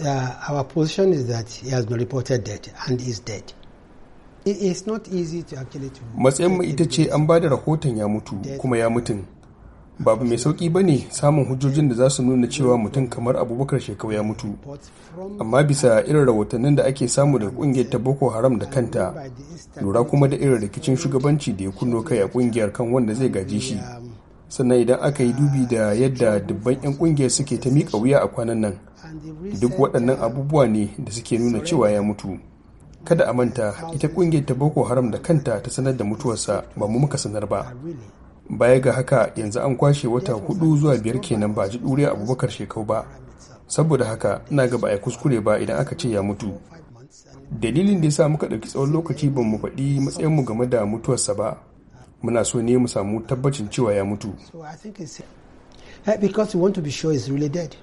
uh, our position is that he has been reported dead and is dead. Matsayinmu ita ce an ba da rahoton ya mutu kuma ya mutun. Babu mai sauƙi ba ne samun hujjojin da za su nuna cewa mutum kamar abubakar shekau ya mutu. Amma bisa irin rahotannin da ake samu daga ƙungiyar ta Boko Haram da kanta, lura kuma da irin rikicin shugabanci da ya kunno kai a ƙungiyar kan wanda zai gaji shi. sannan idan aka yi dubi da yadda dubban 'yan kungiyar suke ta miƙa wuya a kwanan nan duk waɗannan abubuwa ne da suke nuna cewa ya mutu kada a manta ita kungiyar ta boko haram da kanta ta sanar da mutuwarsa ba mu muka sanar ba baya ga haka yanzu an kwashe wata hudu zuwa biyar kenan ba ji ɗure abubakar shekau ba saboda haka ina ga ba kuskure ba idan aka ce ya mutu dalilin da ya sa muka ɗauki tsawon lokaci ban mu faɗi matsayinmu game da mutuwarsa ba muna so ne mu samu tabbacin cewa ya mutu eh, because we want to be sure he's really dead